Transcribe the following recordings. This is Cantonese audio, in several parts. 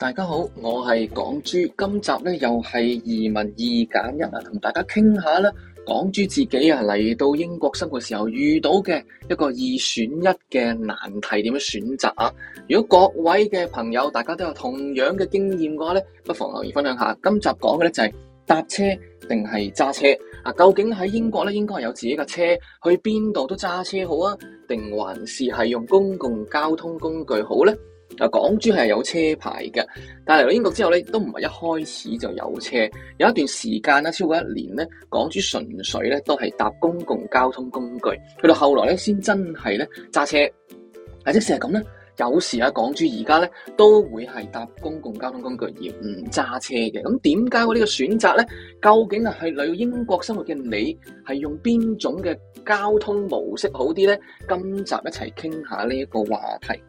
大家好，我係港豬，今集咧又係移民二揀一啊，同大家傾下啦。港豬自己啊嚟到英國生活時候遇到嘅一個二選一嘅難題，點樣選擇啊？如果各位嘅朋友，大家都有同樣嘅經驗嘅話咧，不妨留言分享一下。今集講嘅咧就係搭車定係揸車啊？究竟喺英國咧應該係有自己嘅車，去邊度都揸車好啊？定還是係用公共交通工具好呢？啊，港豬係有車牌嘅，但係嚟到英國之後咧，都唔係一開始就有車，有一段時間咧，超過一年咧，港豬純粹咧都係搭公共交通工具，去到後來咧先真係咧揸車。啊，即使係咁咧，有時啊，港豬而家咧都會係搭公共交通工具而唔揸車嘅。咁點解我呢個選擇咧？究竟啊，係嚟到英國生活嘅你係用邊種嘅交通模式好啲咧？今集一齊傾下呢一個話題。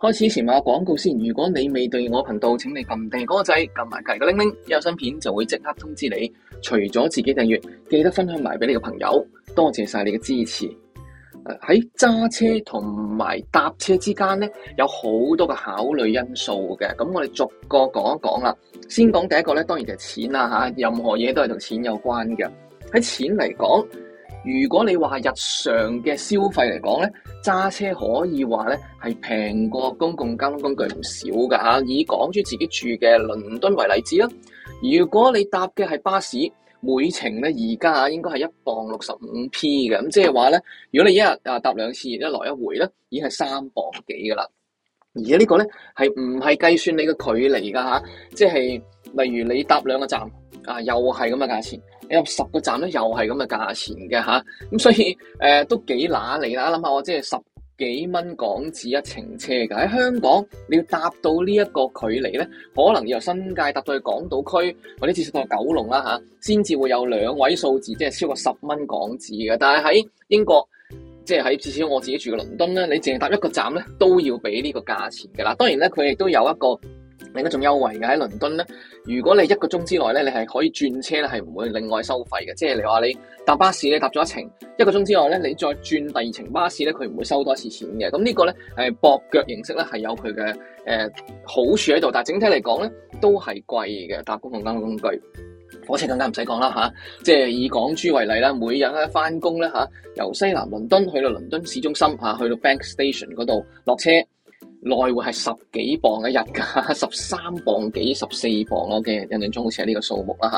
開始前話個廣告先，如果你未對我頻道，請你撳訂閱嗰個掣，撳埋隔籬個鈴鈴，有新片就會即刻通知你。除咗自己訂閱，記得分享埋俾你嘅朋友，多謝晒你嘅支持。喺揸車同埋搭車之間咧，有好多嘅考慮因素嘅。咁我哋逐個講一講啦。先講第一個咧，當然就係錢啦吓，任何嘢都係同錢有關嘅。喺錢嚟講。如果你話日常嘅消費嚟講咧，揸車可以話咧係平過公共交通工具唔少噶吓。以港豬自己住嘅倫敦為例子啦，如果你搭嘅係巴士，每程咧而家啊應該係一磅六十五 p 嘅，咁即係話咧，如果你一日啊搭兩次，一來一回咧，已經係三磅幾噶啦。而家呢個咧係唔係計算你嘅距離噶吓，即係。例如你搭兩個站，啊又係咁嘅價錢；你入十個站咧，又係咁嘅價錢嘅吓，咁、啊、所以誒、呃、都幾乸嚟啦！諗下我即係十幾蚊港紙一程車嘅，喺香港，你要搭到呢一個距離咧，可能由新界搭到去港島區，或者至少到九龍啦吓，先、啊、至會有兩位數字，即係超過十蚊港紙嘅。但係喺英國，即係喺至少我自己住嘅倫敦咧，你淨係搭一個站咧，都要俾呢個價錢嘅啦。當然咧，佢亦都有一個。另一種優惠嘅。喺倫敦咧，如果你一個鐘之內咧，你係可以轉車咧，係唔會另外收費嘅。即係你話你搭巴士咧，搭咗一程一個鐘之內咧，你再轉第二程巴士咧，佢唔會收多一次錢嘅。咁呢個咧，係駁腳形式咧，係有佢嘅誒好處喺度。但係整體嚟講咧，都係貴嘅，搭公共交通工具。火車更加唔使講啦吓，即係以港珠為例啦，每日咧翻工咧吓，由西南倫敦去到倫敦市中心吓、啊，去到 Bank Station 嗰度落車。來回係十幾磅一日㗎，十三磅幾十四磅咯嘅印象中，好似係呢個數目啦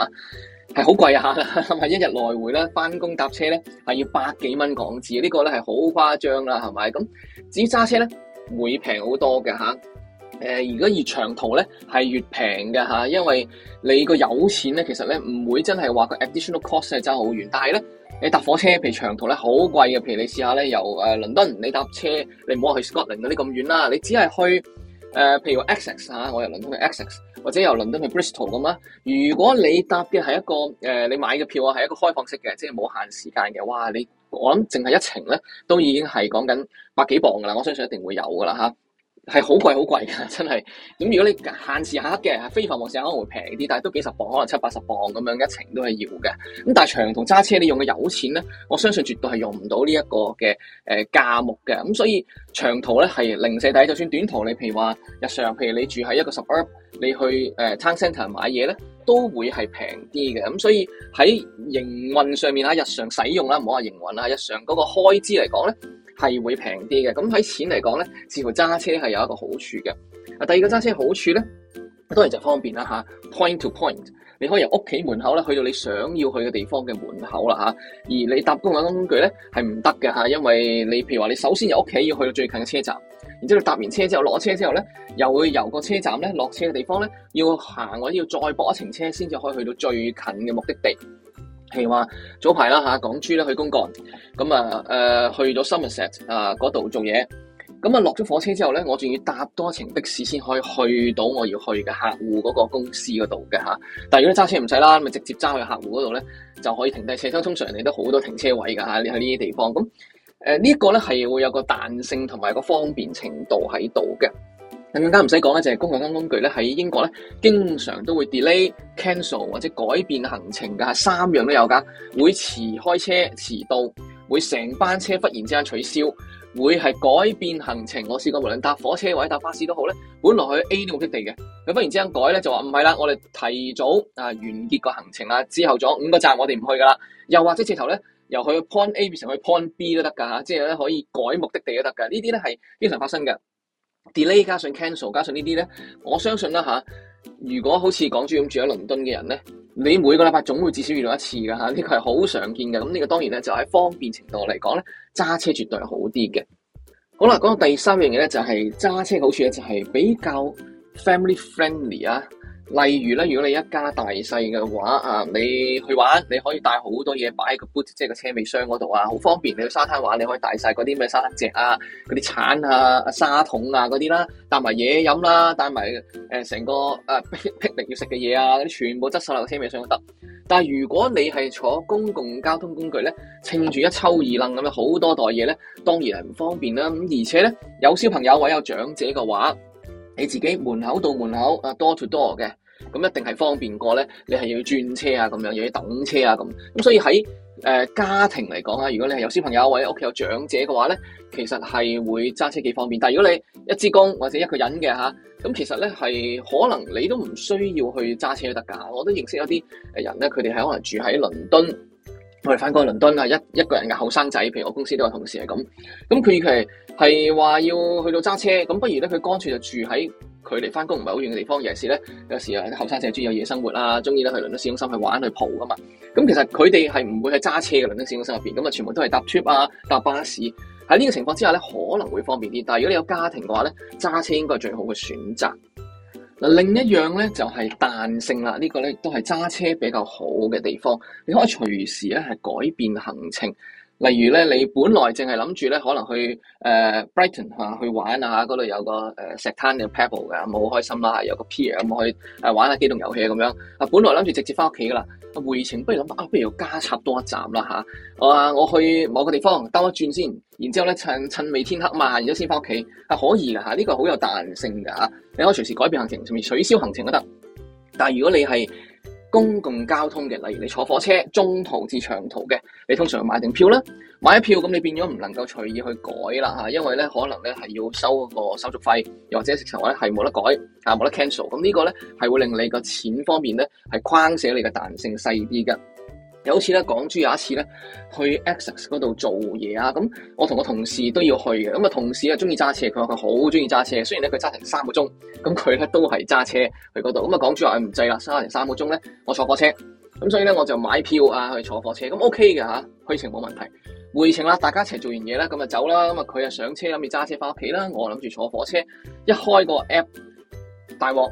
嚇，係好貴啊，係咪一日來回咧？翻工搭車咧係要百幾蚊港紙，呢、這個咧係好誇張啦，係咪咁？至於揸車咧會平好多嘅嚇，誒、呃，如果越長途咧係越平嘅嚇，因為你個有錢咧，其實咧唔會真係話個 additional cost 係揸好遠，但係咧。你搭火車，譬如長途咧好貴嘅，譬如你試下咧由誒倫敦，你搭車你唔好話去 Scotland 嗰啲咁遠啦，你只係去誒、呃、譬如 Excess 我由倫敦去 e x s e x 或者由倫敦去 Bristol 咁啦。如果你搭嘅係一個誒、呃，你買嘅票啊係一個開放式嘅，即係冇限時間嘅，哇！你我諗淨係一程咧都已經係講緊百幾磅噶啦，我相信一定會有噶啦。係好貴好貴噶，真係。咁如果你限時限刻嘅，係非繁忙時可能會平啲，但係都幾十磅，可能七八十磅咁樣一程都係要嘅。咁但係長途揸車你用嘅油錢咧，我相信絕對係用唔到呢一個嘅誒價目嘅。咁所以長途咧係零舍抵，就算短途你譬如話日常，譬如你住喺一個 suburb，你去誒 town centre e 買嘢咧，都會係平啲嘅。咁所以喺營運上面啊，日常使用啦，唔好話營運啦，日常嗰個開支嚟講咧，係會平啲嘅，咁、嗯、喺錢嚟講咧，似乎揸車係有一個好處嘅。啊，第二個揸車好處咧，當然就方便啦吓、啊、point to point，你可以由屋企門口咧去到你想要去嘅地方嘅門口啦吓、啊，而你搭公共交通工具咧係唔得嘅嚇，因為你譬如話你首先由屋企要去到最近嘅車站，然之後搭完車之後落車之後咧，又會由個車站咧落車嘅地方咧，要行或者要再駁一程車先至可以去到最近嘅目的地。譬如話，早排啦嚇，港豬咧去公幹，咁啊誒去咗 Somerset 啊嗰度做嘢，咁啊落咗火車之後咧，我仲要搭多程的士先可以去到我要去嘅客戶嗰個公司嗰度嘅嚇。但係如果揸車唔使啦，咪直接揸去客戶嗰度咧，就可以停低車廂，通常你都好多停車位㗎嚇，你喺呢啲地方咁誒呢一個咧係會有個彈性同埋個方便程度喺度嘅。更加唔使講咧，就係公共交通工具咧喺英國咧，經常都會 delay、cancel 或者改變行程㗎，吓，三樣都有㗎，會遲開車、遲到，會成班車忽然之間取消，會係改變行程。我試過無論搭火車或者搭巴士都好咧，本來去 A 啲目的地嘅，咁忽然之間改咧就話唔係啦，我哋提早啊完結個行程啦，之後咗五個站我哋唔去㗎啦。又或者直頭咧，由去 Point A 變成去 Point B 都得㗎，吓，即係咧可以改目的地都得㗎。呢啲咧係經常發生嘅。Delay 加上 cancel 加上呢啲咧，我相信啦、啊、吓，如果好似港豬咁住喺倫敦嘅人咧，你每個禮拜總會至少遇到一次噶吓，呢個係好常見嘅。咁、嗯、呢、這個當然咧就喺方便程度嚟講咧，揸車絕對係好啲嘅。好啦，講到第三樣嘢咧，就係、是、揸車嘅好處咧，就係、是、比較 family friendly 啊。例如咧，如果你一家大細嘅話啊，你去玩，你可以帶好多嘢擺喺個 boot，即係個車尾箱嗰度啊，好方便。你去沙灘玩，你可以帶晒嗰啲咩沙灘石啊、嗰啲鏟啊、沙桶啊嗰啲啦，帶埋嘢飲啦，帶埋成個啊霹力要食嘅嘢啊，嗰啲、呃啊啊、全部執晒落車尾箱都得。但係如果你係坐公共交通工具咧，稱住一抽二楞咁樣好多袋嘢咧，當然係唔方便啦。咁而且咧，有小朋友或者有長者嘅話，你自己門口到門口啊，door to door 嘅。咁一定係方便過咧，你係要轉車啊，咁樣又要等車啊，咁咁，所以喺誒、呃、家庭嚟講啊，如果你係有小朋友或者屋企有長者嘅話咧，其實係會揸車幾方便。但係如果你一支公或者一個人嘅吓，咁、啊、其實咧係可能你都唔需要去揸車都得噶。我都認識有啲誒人咧，佢哋係可能住喺倫敦，我哋翻過去倫敦啊，一一個人嘅後生仔，譬如我公司都有同事係咁，咁佢佢係係話要去到揸車，咁不如咧佢乾脆就住喺。距離翻工唔係好遠嘅地方，尤其係咧有時候啲後生仔中意有夜生活啦，中意咧去倫敦市中心去玩去蒲噶嘛。咁其實佢哋係唔會去揸車嘅倫敦市中心入邊，咁啊全部都係搭 trip 啊、搭巴士。喺呢個情況之下咧，可能會方便啲。但係如果你有家庭嘅話咧，揸車應該係最好嘅選擇。嗱、啊、另一樣咧就係、是、彈性啦，這個、呢個咧都係揸車比較好嘅地方，你可以隨時咧係改變行程。例如咧，你本來淨係諗住咧，可能去誒、呃、Brighton、啊、去玩啊，嗰度有個誒石灘嘅 pebble 嘅，咁好開心啦、啊，有個 pier 可、啊、以去玩下機動遊戲咁樣。啊，本來諗住直接翻屋企噶啦，啊回程不如諗下，啊不如要加插多一站啦嚇。我、啊、話我去某個地方兜一轉先，然之後咧趁趁，趁未天黑嘛，然之後先翻屋企。啊可以噶嚇、啊呢個好有彈性㗎、啊、你可以隨時改變行程，甚至取消行程都得。但係如果你係，公共交通嘅，例如你坐火車，中途至長途嘅，你通常買買定票啦。買咗票咁你變咗唔能夠隨意去改啦，因為咧可能咧係要收個個手續費，又或者直頭呢咧係冇得改，啊，冇得 cancel。咁呢個咧係會令你個錢方面咧係框死你嘅彈性細啲嘅。有一次咧，港珠有一次咧去 Essex 嗰度做嘢啊，咁我同個同事都要去嘅，咁啊同事啊中意揸車，佢話佢好中意揸車，雖然咧佢揸成三個鐘，咁佢咧都係揸車去嗰度，咁啊港珠話唔制啦，揸成三個鐘咧，我坐火車，咁所以咧我就買票啊去坐火車，咁 OK 嘅吓，去程冇問題，回程啦，大家一齊做完嘢啦，咁啊走啦，咁啊佢啊上車諗住揸車翻屋企啦，我諗住坐火車，一開個 app，大鑊！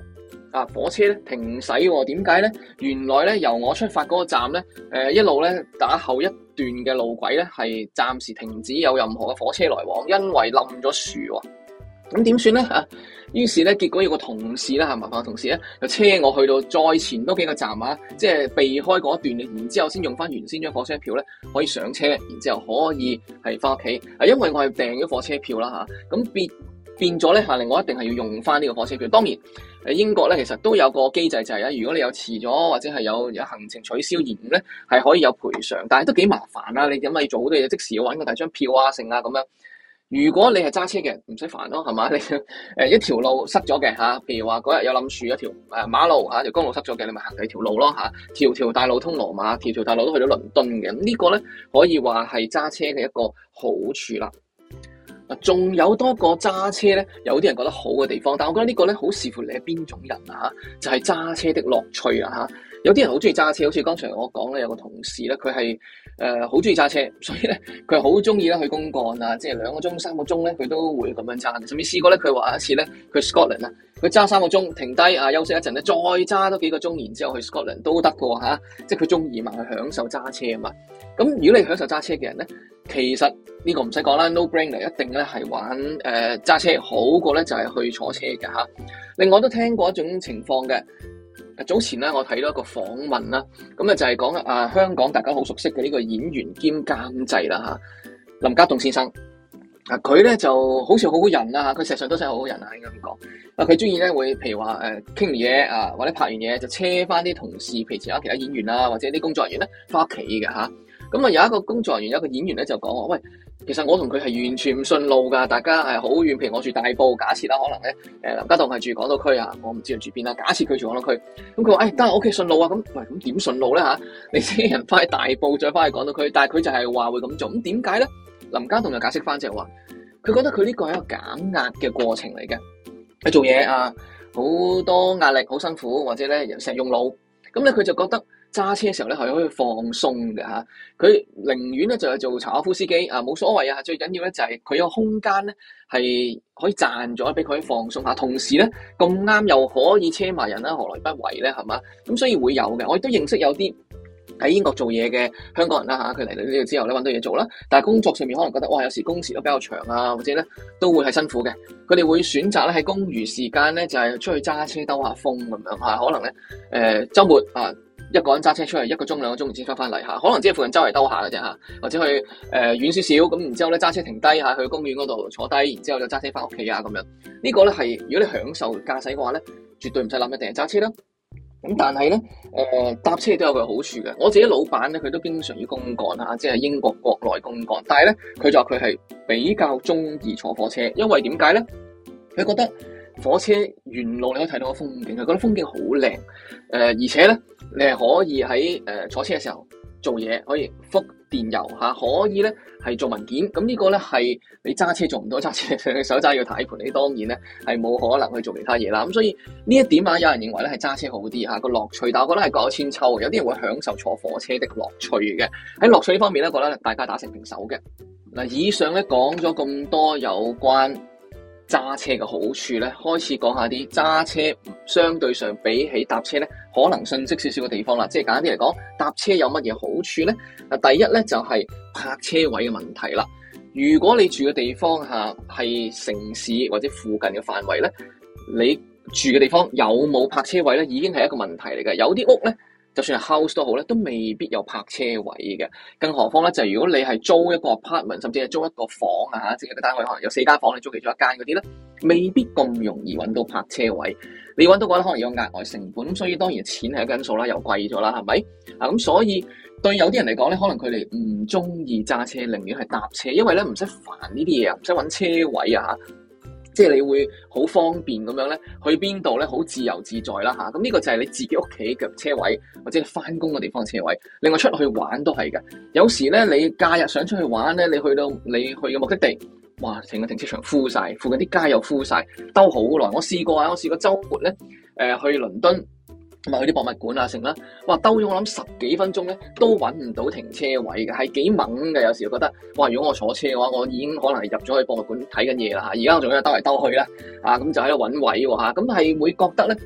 啊！火車咧停駛喎、哦，點解咧？原來咧由我出發嗰個站咧，誒、呃、一路咧打後一段嘅路軌咧係暫時停止有任何嘅火車來往，因為冧咗樹喎、哦。咁點算咧？啊，於是咧結果要個同事咧嚇，麻煩個同事咧就車我去到再前多幾個站啊，即係避開嗰段，然之後用完先用翻原先張火車票咧可以上車，然之後可以係翻屋企。啊，因為我係訂咗火車票啦嚇，咁、啊、別。變咗咧另外一定係要用翻呢個火車票。當然，英國咧其實都有個機制就係、是、如果你有遲咗或者係有有行程取消延誤咧，係可以有賠償，但係都幾麻煩呀。你咁咪要做好多嘢，即時要搵個大張票啊，剩啊咁樣。如果你係揸車嘅，唔使煩咯，係嘛？你一條路塞咗嘅嚇，譬如話嗰日有冧樹一條誒馬路嚇條公路塞咗嘅，你咪行第二條路咯嚇、啊。條條大路通羅馬，條條大路都去到倫敦嘅。咁、這個、呢個咧可以話係揸車嘅一個好處啦。仲有多一個揸車咧，有啲人覺得好嘅地方，但我覺得呢個咧，好視乎你係邊種人啊！就係、是、揸車的樂趣啊！嚇。有啲人好中意揸車，好似剛才我講咧，有個同事咧，佢係誒好中意揸車，所以咧佢好中意咧去公幹啊，即係兩個鐘三個鐘咧，佢都會咁樣揸。甚至試過咧，佢話一次咧，佢去 Scotland 啊，佢揸三個鐘停低啊休息一陣咧，再揸多幾個鐘，然之後去 Scotland 都得嘅喎嚇。即係佢中意嘛，去享受揸車啊嘛。咁如果你享受揸車嘅人咧，其實呢個唔使講啦，No Brainer 一定咧係玩誒揸車好過咧就係去坐車嘅嚇。另外都聽過一種情況嘅。早前咧，我睇到一個訪問啦，咁啊就係講啊香港大家好熟悉嘅呢個演員兼監製啦吓，林家棟先生。啊佢咧就好似好好人啦吓，佢事實上都真係好好人啊，實在實在實在好人啊應該咁講。啊佢中意咧會，譬如話誒傾完嘢啊，或者拍完嘢就車翻啲同事，譬如其他其他演員啊，或者啲工作人員咧翻屋企嘅吓。咁啊有一個工作人員，有一個演員咧就講我喂。其實我同佢係完全唔順路噶，大家係好遠。譬如我住大埔，假設啦，可能咧，誒林家棟係住港島區啊，我唔知佢住邊啦。假設佢住港島區，咁佢話誒得我 OK 順路啊，咁喂，咁點順路咧嚇？你先人翻去大埔，再翻去港島區，但係佢就係話會咁做，咁點解咧？林家棟就解釋翻就話，佢覺得佢呢個係一個減壓嘅過程嚟嘅，佢做嘢啊好多壓力，好辛苦，或者咧成日用腦，咁咧佢就覺得。揸車嘅時候咧，係可以放鬆嘅嚇。佢寧願咧就係做查克夫斯基啊，冇所謂啊。最緊要咧就係佢個空間咧係可以賺咗俾佢放鬆下。同時咧咁啱又可以車埋人啦，何來不為咧係嘛？咁所以會有嘅。我亦都認識有啲喺英國做嘢嘅香港人啦吓，佢嚟到呢度之後咧揾到嘢做啦。但係工作上面可能覺得哇，有時工時都比較長啊，或者咧都會係辛苦嘅。佢哋會選擇咧喺工餘時間咧就係出去揸車兜下風咁樣嚇。可能咧誒週末啊～一個人揸車出去一個鐘兩個鐘先翻翻嚟嚇，可能即係附近周圍兜下嘅啫嚇，或者去誒、呃、遠少少咁，然之後咧揸車停低下去公園嗰度坐低，然之後就揸車翻屋企啊咁樣。這個、呢個咧係如果你享受駕駛嘅話咧，絕對唔使諗一定係揸車啦。咁、嗯、但係咧誒搭車都有佢好處嘅。我自己老闆咧佢都經常要公幹啊，即係英國國內公幹，但係咧佢就話佢係比較中意坐火車，因為點解咧？佢覺得。火車沿路你可以睇到個風景，佢覺得風景好靚。誒、呃，而且咧，你係可以喺誒、呃、坐車嘅時候做嘢，可以覆電郵吓、啊，可以咧係做文件。咁、啊這個、呢個咧係你揸車做唔到，揸車手揸要睇盤，你當然咧係冇可能去做其他嘢啦。咁、啊、所以呢一點啊，有人認為咧係揸車好啲吓個樂趣，但係我覺得係各有千秋。有啲人會享受坐火車的樂趣嘅。喺樂趣呢方面咧，覺得大家打成平手嘅。嗱、啊，以上咧講咗咁多有關。揸車嘅好處咧，開始講下啲揸車相對上比起搭車咧，可能遜色少少嘅地方啦。即係簡單啲嚟講，搭車有乜嘢好處咧？啊，第一咧就係泊車位嘅問題啦。如果你住嘅地方吓係城市或者附近嘅範圍咧，你住嘅地方有冇泊車位咧，已經係一個問題嚟嘅。有啲屋咧。就算係 house 都好咧，都未必有泊車位嘅，更何況咧就係如果你係租一個 apartment，甚至係租一個房啊，嚇，即係一個單位可能有四間房，你租其中一間嗰啲咧，未必咁容易揾到泊車位。你揾到嘅咧，可能要有額外成本，咁所以當然錢係一個因素啦，又貴咗啦，係咪？啊，咁所以對有啲人嚟講咧，可能佢哋唔中意揸車，寧願係搭車，因為咧唔使煩呢啲嘢啊，唔使揾車位啊嚇。即係你會好方便咁樣咧，去邊度咧好自由自在啦吓，咁、這、呢個就係你自己屋企嘅車位，或者你翻工嘅地方嘅車位。另外出去玩都係噶，有時咧你假日想出去玩咧，你去到你去嘅目的地，哇，成個停車場呼晒，附近啲街又呼晒，兜好耐。我試過啊，我試過周末咧，誒、呃，去倫敦。同埋去啲博物館啊，成啦，哇，兜咗我諗十幾分鐘咧，都搵唔到停車位嘅，係幾猛嘅。有時候覺得，哇，如果我坐車嘅話，我已經可能係入咗去博物館睇緊嘢啦吓，而家我仲喺度兜嚟兜去啦，咁、啊嗯、就喺度搵位喎吓，咁、啊、係、嗯、會覺得咧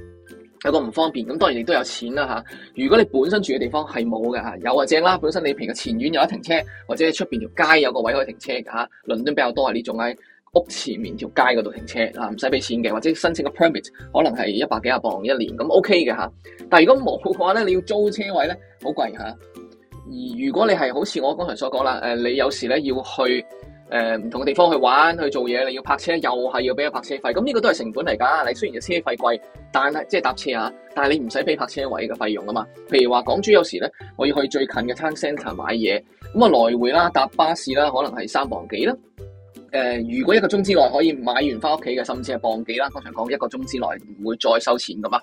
有個唔方便。咁當然亦都有錢啦吓、啊，如果你本身住嘅地方係冇嘅吓，有啊正啦，本身你平日前院有得停車，或者出邊條街有個位可以停車吓，倫、啊、敦比較多係呢種。屋前面條街嗰度停車啊，唔使俾錢嘅，或者申請個 permit，可能係一百幾十磅一年，咁 OK 嘅吓。但係如果冇嘅話咧，你要租車位咧，好貴吓。而如果你係好似我剛才所講啦，誒，你有時咧要去誒唔同嘅地方去玩去做嘢，你要泊車又係要俾個泊車費，咁呢個都係成本嚟噶。你雖然個車費貴，但係即係搭車吓，但係你唔使俾泊車位嘅費用啊嘛。譬如話港珠有時咧，我要去最近嘅 town centre 買嘢，咁啊來回啦，搭巴士啦，可能係三磅幾啦。誒、呃，如果一個鐘之內可以買完翻屋企嘅，甚至係磅幾啦，通常講一個鐘之內唔會再收錢噶嘛。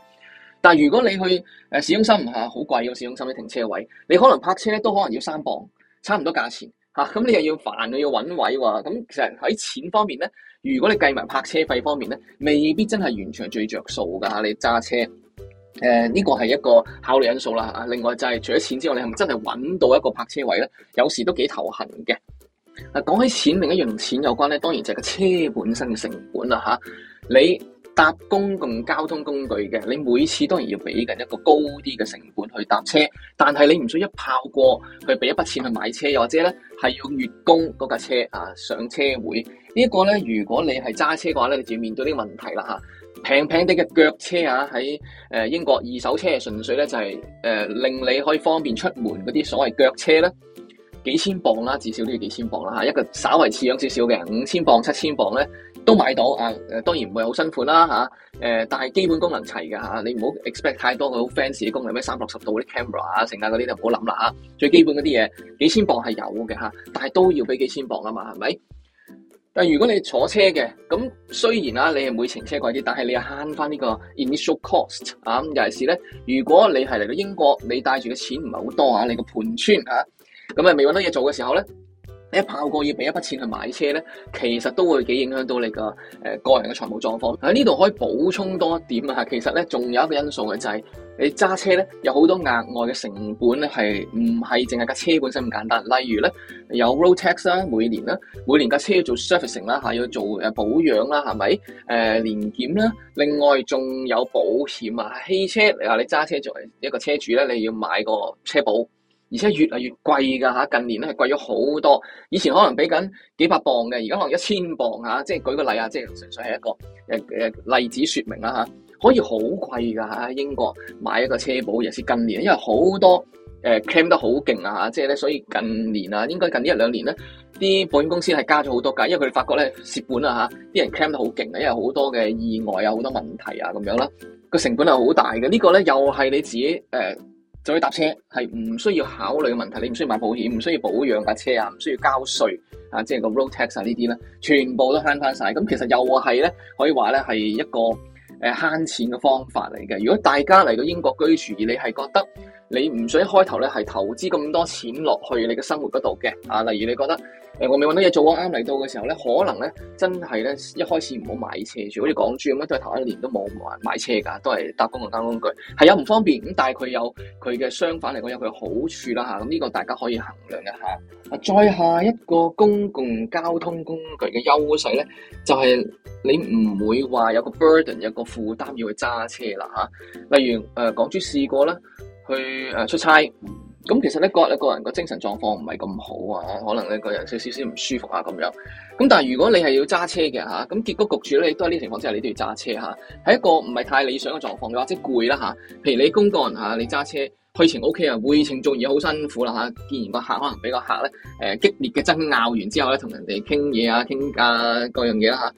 但係如果你去誒、呃、市中心，唔係好貴嘅，市中心啲停車位，你可能泊車咧都可能要三磅，差唔多價錢嚇。咁、啊、你又要煩，又要揾位喎、啊。咁其實喺錢方面咧，如果你計埋泊車費方面咧，未必真係完全係最着數㗎嚇。你揸車，誒、呃、呢、這個係一個考慮因素啦。另外就係除咗錢之外，你係咪真係揾到一個泊車位咧？有時都幾頭痕嘅。啊，講起錢，另一樣同錢有關咧，當然就係個車本身嘅成本啦，吓、啊、你搭公共交通工具嘅，你每次當然要俾緊一個高啲嘅成本去搭車，但係你唔需要一炮過去俾一筆錢去買車，又或者咧係要月供嗰架車啊上車會、這個、呢個咧，如果你係揸車嘅話咧，你就要面對呢個問題啦，吓，平平哋嘅腳車啊，喺誒英國二手車純粹咧就係、是、誒、呃、令你可以方便出門嗰啲所謂腳車咧。幾千鎊啦，至少都要幾千鎊啦嚇，一個稍為似樣少少嘅五千鎊、七千鎊咧都買到啊！誒當然唔會好新款啦嚇，誒、啊、但係基本功能齊嘅嚇、啊，你唔好 expect 太多佢好 fancy 嘅功能，咩三百六十度啲 camera 成啊剩下嗰啲就唔好諗啦嚇。最基本嗰啲嘢幾千鎊係有嘅嚇、啊，但係都要俾幾千鎊啊嘛，係咪？但係如果你坐車嘅咁，雖然啦你係每程車貴啲，但係你又慳翻呢個 initial cost 啊！尤其是咧，如果你係嚟到英國，你帶住嘅錢唔係好多嘅啊，你個盤川。嚇。咁啊，未搵到嘢做嘅時候咧，你一炮過要俾一筆錢去買車咧，其實都會幾影響到你嘅誒個人嘅財務狀況。喺呢度可以補充多一點啊，其實咧仲有一個因素嘅就係、是、你揸車咧，有好多額外嘅成本咧係唔係淨係架車本身咁簡單。例如咧有 road tax 啦，每年啦，每年架車要做 servicing 啦吓，要做誒保養啦，係咪？誒、呃、年檢啦，另外仲有保險啊。汽車你話你揸車作為一個車主咧，你要買個車保。而且越嚟越貴㗎嚇，近年咧係貴咗好多。以前可能畀緊幾百磅嘅，而家可能一千磅嚇、啊。即係舉個例純純是個啊，即係純粹係一個例子說明啦、啊、可以好貴㗎嚇。英國買一個車保，尤其是近年，因為好多 claim 得好勁啊，即係咧，所以近年啊，應該近一兩年咧，啲保險公司係加咗好多價，因為佢哋發覺咧蝕本啊，啲人 claim 得好勁啊，因為好多嘅意外啊，好多問題啊咁樣啦，個成本係好大嘅。這個、呢個咧又係你自己、呃就去搭車係唔需要考慮嘅問題，你唔需要買保險，唔需要保養架車啊，唔需要交稅啊，即係個 road tax 啊呢啲咧，全部都慳翻晒。咁其實又係咧，可以話咧係一個誒慳錢嘅方法嚟嘅。如果大家嚟到英國居住而你係覺得，你唔想一開頭咧，係投資咁多錢落去你嘅生活嗰度嘅啊？例如你覺得誒、呃，我未搵到嘢做，我啱嚟到嘅時候咧，可能咧真係咧一開始唔好買車住，好似港豬咁樣，都係頭一年都冇買買車㗎，都係搭公共交通工具係有唔方便咁，但係佢有佢嘅相反嚟講有佢嘅好處啦嚇。咁、啊、呢、啊這個大家可以衡量一下啊。再下一個公共交通工具嘅優勢咧，就係、是、你唔會話有個 burden 有個負擔要去揸車啦嚇。例如誒、呃，港豬試過啦。去誒出差，咁其實咧個咧個人個精神狀況唔係咁好啊，可能咧個人少少少唔舒服啊咁樣。咁但係如果你係要揸車嘅嚇，咁結果焗住咧，都係呢啲情況之下，你都要揸車嚇，係、啊、一個唔係太理想嘅狀況，嘅或者攰啦嚇。譬如你公幹嚇，你揸車去程 OK 會情很啊，回程做嘢好辛苦啦嚇。既然個客可能俾個客咧誒、呃、激烈嘅爭拗完之後咧，同人哋傾嘢啊傾價、啊、各樣嘢嚇。啊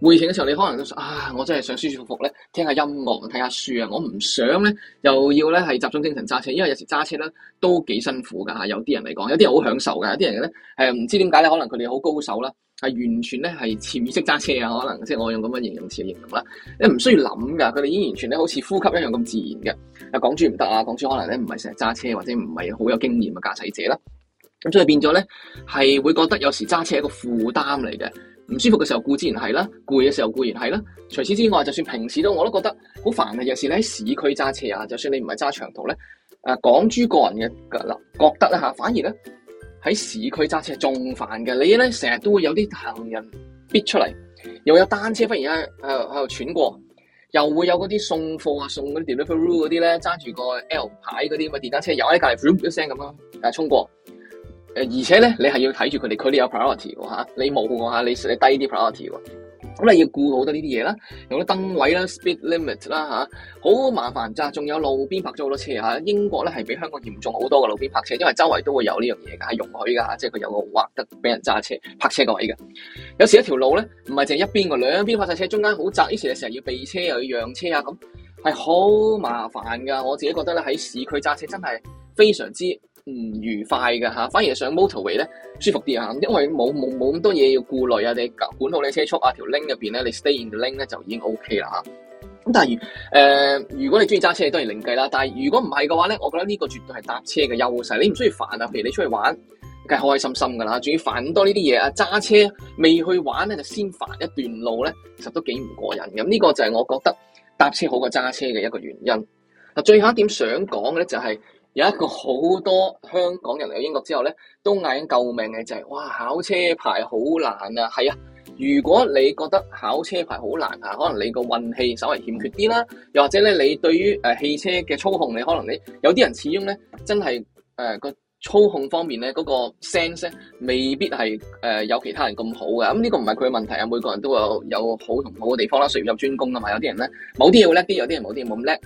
回程嘅時候，你可能都啊，我真係想舒舒服服咧，聽下音樂睇下書啊，我唔想咧，又要咧係集中精神揸車，因為有時揸車咧都幾辛苦噶吓。有啲人嚟講，有啲人好享受嘅，有啲人咧，誒，唔知點解咧，可能佢哋好高手啦，係完全咧係潛意識揸車啊，可能即係、就是、我用咁樣形容詞嚟形容啦。你唔需要諗噶，佢哋已經完全咧好似呼吸一樣咁自然嘅。啊，港豬唔得啊，港豬可能咧唔係成日揸車或者唔係好有經驗嘅駕駛者啦。咁所以變咗咧係會覺得有時揸車係一個負擔嚟嘅。唔舒服嘅時候固之然係啦，攰嘅時候固然係啦。除此之外，就算平時都我都覺得好煩嘅，尤其是你喺市區揸車啊。就算你唔係揸長途咧，啊、呃、港豬個人嘅嗱覺得啦，反而咧喺市區揸車仲煩嘅。你咧成日都會有啲行人逼出嚟，又有單車忽然喺喺喺度穿過，又會有嗰啲送貨啊、送嗰啲 delivery 嗰啲咧揸住個 L 牌嗰啲咁嘅電單車，又喺隔離 flap 一聲咁咯，誒、啊、衝過。而且咧，你係要睇住佢哋，佢哋有 priority 喎嚇，你冇喎嚇，你你低啲 priority 喎，咁、啊、你要顧好多呢啲嘢啦，用啲燈位啦，speed limit 啦嚇，好、啊、麻煩咋，仲有路邊泊咗好多車嚇、啊，英國咧係比香港嚴重好多嘅路邊泊車，因為周圍都會有呢樣嘢噶，容許噶、啊，即係佢有個劃得俾人揸車泊車個位嘅。有時一條路咧，唔係淨係一邊個，兩邊泊晒車，中間好窄，於是成日要避車又要讓車啊咁，係好麻煩㗎。我自己覺得咧，喺市區揸車真係非常之～唔愉快嘅吓，反而上 motorway 咧舒服啲啊，因為冇冇冇咁多嘢要顧慮啊，你管好你車速啊，條 link 入邊咧，你 stay in the link 咧就已經 OK 啦。咁但係誒、呃，如果你中意揸車，你當然另計啦。但係如果唔係嘅話咧，我覺得呢個絕對係搭車嘅優勢。你唔需要煩啊，譬如你出去玩，梗係開心心噶啦。仲要煩咁多呢啲嘢啊，揸車未去玩咧就先煩一段路咧，其實都幾唔過癮。咁、這、呢個就係我覺得搭車好過揸車嘅一個原因。嗱，最後一點想講嘅咧就係、是。有一個好多香港人嚟英國之後咧，都嗌緊救命嘅就係、是，哇！考車牌好難啊！係啊，如果你覺得考車牌好難啊，可能你個運氣稍微欠缺啲啦，又或者咧你對於誒、呃、汽車嘅操控，你可能你有啲人始終咧真係誒個操控方面咧嗰、那個 sense 未必係誒、呃、有其他人咁好嘅，咁、嗯、呢、這個唔係佢嘅問題啊，每個人都有有好同唔好嘅地方啦，術業有專攻啊嘛，有啲人咧某啲要叻啲，有啲人冇啲冇咁叻。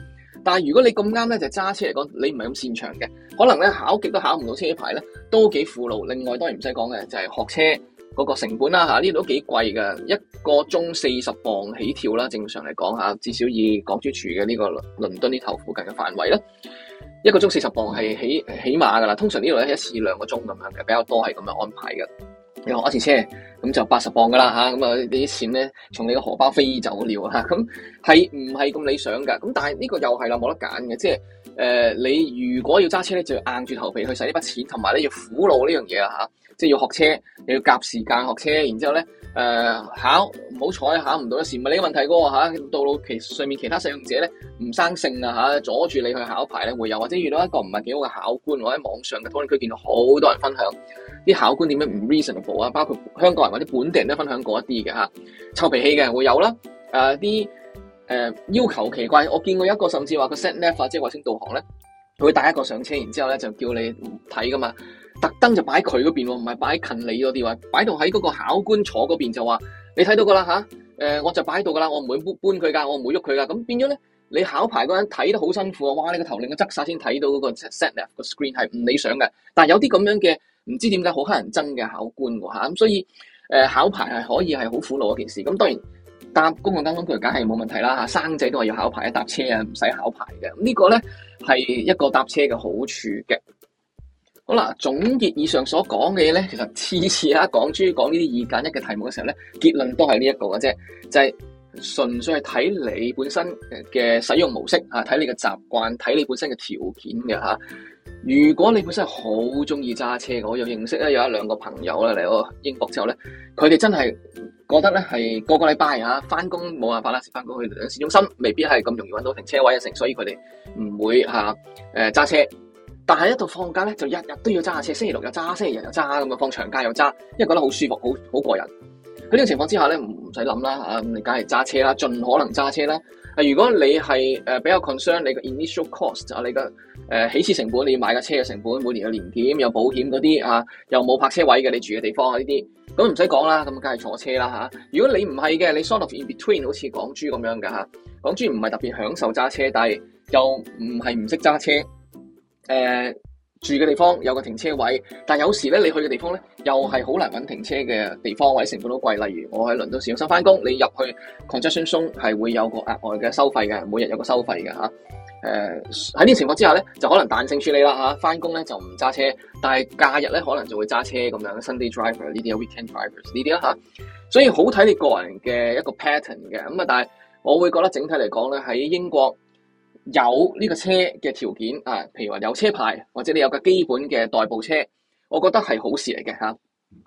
但係如果你咁啱咧，就揸車嚟講，你唔係咁擅長嘅，可能咧考極都考唔到車牌咧，都幾苦惱。另外當然唔使講嘅，就係學車嗰個成本啦，吓呢度都幾貴噶，一個鐘四十磅起跳啦，正常嚟講吓，至少以港豬處嘅呢個倫敦呢頭附近嘅範圍啦，一個鐘四十磅係起起碼噶啦，通常呢度咧一次兩個鐘咁樣嘅，比較多係咁樣安排嘅。你學一次車，咁就八十磅噶啦嚇，咁啊啲錢咧從你個荷包飛走了嚇，咁係唔係咁理想噶？咁、啊、但係呢個又係啦，冇得揀嘅，即係誒、呃、你如果要揸車咧，就要硬住頭皮去使呢筆錢，同埋咧要苦惱呢樣嘢啦，即係要學車，你要夾時間學車，然之後咧誒、啊、考，唔好彩考唔到咧，唔係你嘅問題噶喎、啊、到到其上面其他使用者咧唔生性啊，阻住你去考牌咧會有，或者遇到一個唔係幾好嘅考官，我喺網上嘅討論區見到好多人分享。啲考官點樣唔 reasonable 啊？包括香港人或者本地人都分享過一啲嘅嚇，臭脾氣嘅會有啦。誒啲誒要求奇怪，我見過一個甚至話個 sat nav 即係衛星導航咧，佢帶一個上車，然之後咧就叫你睇噶嘛，特登就擺佢嗰邊喎，唔係擺近你嗰邊喎，擺到喺嗰個考官坐嗰邊就話你睇到個啦嚇。誒、啊呃、我就擺到度噶啦，我唔會搬佢噶，我唔會喐佢噶。咁變咗咧，你考牌嗰人睇得好辛苦啊！哇，你頭個頭令個側晒先睇到嗰個 sat nav 個 screen 係唔理想嘅，但係有啲咁樣嘅。唔知點解，好乞人憎嘅考官喎，咁所以誒、呃、考牌係可以係好苦惱一件事。咁當然搭公共交通工具梗係冇問題啦嚇，生仔都係要考牌啊，搭車啊唔使考牌嘅。這個、呢個咧係一個搭車嘅好處嘅。好嗱，總結以上所講嘅嘢咧，其實次次啊講，諸如講呢啲二揀一嘅題目嘅時候咧，結論都係呢一個嘅啫，就係、是、純粹係睇你本身嘅使用模式嚇，睇你嘅習慣，睇你本身嘅條件嘅嚇。如果你本身好中意揸車，我有認識咧有一兩個朋友啦，嚟到英國之後咧，佢哋真係覺得咧係個個禮拜吓，翻工冇辦法啦，翻工去市中心未必係咁容易揾到停車位嘅。成，所以佢哋唔會吓誒揸車。但係一到放假咧就日日都要揸下車，星期六又揸，星期日又揸咁啊，放長假又揸，因為覺得好舒服，好好過癮。喺呢個情況之下咧唔使諗啦吓，你梗係揸車啦，盡可能揸車啦。Cost, 呃、的的年年啊，啊，如果你係比較 concern 你個 initial cost 啊，你個誒起始成本，你買架車嘅成本，每年嘅年檢有保險嗰啲啊，又冇泊車位嘅你住嘅地方啊呢啲，咁唔使講啦，咁梗係坐車啦嚇。如果你唔係嘅，你 sort of in between，好似港豬咁樣㗎。嚇、啊，港豬唔係特別享受揸車，但係又唔係唔識揸車，誒、啊。住嘅地方有個停車位，但有時咧你去嘅地方咧又係好難搵停車嘅地方，或者成本都貴。例如我喺倫敦市中心翻工，你入去 Congestion Zone 係會有個額外嘅收費嘅，每日有個收費嘅吓。誒喺呢個情況之下咧，就可能彈性處理啦吓，翻工咧就唔揸車，但係假日咧可能就會揸車咁樣。Sunday driver 呢啲 weekend drivers 呢啲啦。吓、啊，所以好睇你個人嘅一個 pattern 嘅咁啊。但係我會覺得整體嚟講咧喺英國。有呢個車嘅條件啊，譬如話有車牌，或者你有個基本嘅代步車，我覺得係好事嚟嘅嚇。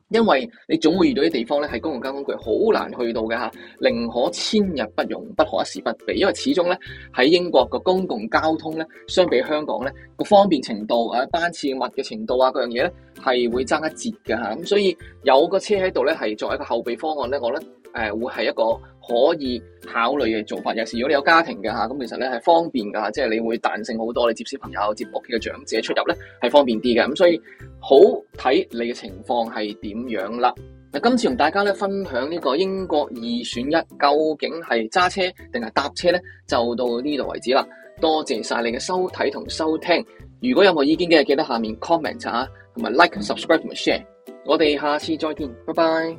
因為你總會遇到啲地方咧，係公共交通工具好難去到嘅嚇、啊，寧可千日不用，不可一時不備。因為始終咧喺英國個公共交通咧，相比香港咧個方便程度啊、班次密嘅程度啊嗰樣嘢咧，係會爭一截嘅嚇。咁、啊、所以有個車喺度咧，係作為一個後備方案咧，我覺得誒會係一個。可以考慮嘅做法，有時如果你有家庭嘅嚇，咁其實咧係方便嘅嚇，即係你會彈性好多，你接小朋友、接屋企嘅長者出入咧係方便啲嘅，咁所以好睇你嘅情況係點樣啦。嗱，今次同大家咧分享呢個英國二選一，究竟係揸車定係搭車咧，就到呢度為止啦。多謝晒你嘅收睇同收聽，如果有冇意見嘅，記得下面 comment 啊，同埋 like、subscribe 同 share。我哋下次再見，拜拜。